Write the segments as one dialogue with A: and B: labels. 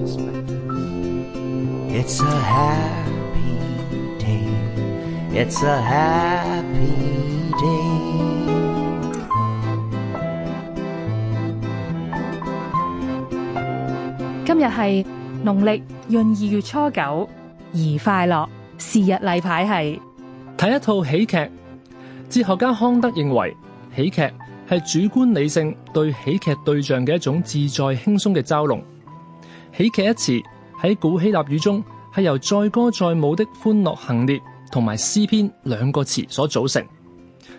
A: It's a happy day. It's
B: a happy day. 今日係農曆閏二月初九，宜快樂。是日例牌係
A: 睇一套喜劇。哲學家康德認為，喜劇係主觀理性對喜劇對象嘅一種自在輕鬆嘅嘲弄。喜劇一詞喺古希臘語中係由載歌載舞的歡樂行列同埋詩篇兩個詞所組成。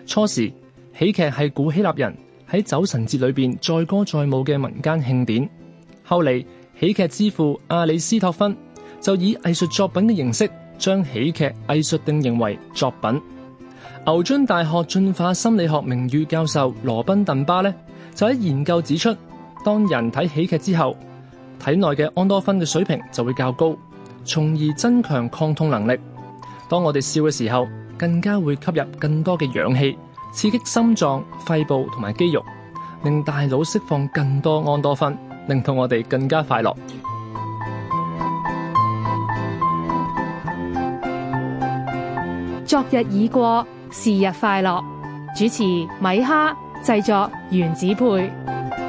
A: 初時喜劇係古希臘人喺酒神節裏邊載歌載舞嘅民間慶典。後嚟喜劇之父阿里斯托芬就以藝術作品嘅形式將喜劇藝術定型為作品。牛津大學進化心理學名譽教授羅賓鄧巴呢，就喺研究指出，當人睇喜劇之後，體內嘅胺多酚嘅水平就會較高，從而增強抗痛能力。當我哋笑嘅時候，更加會吸入更多嘅氧氣，刺激心臟、肺部同埋肌肉，令大腦釋放更多胺多酚，令到我哋更加快樂。昨
C: 日已過，是日快樂。主持米哈，製作原子配。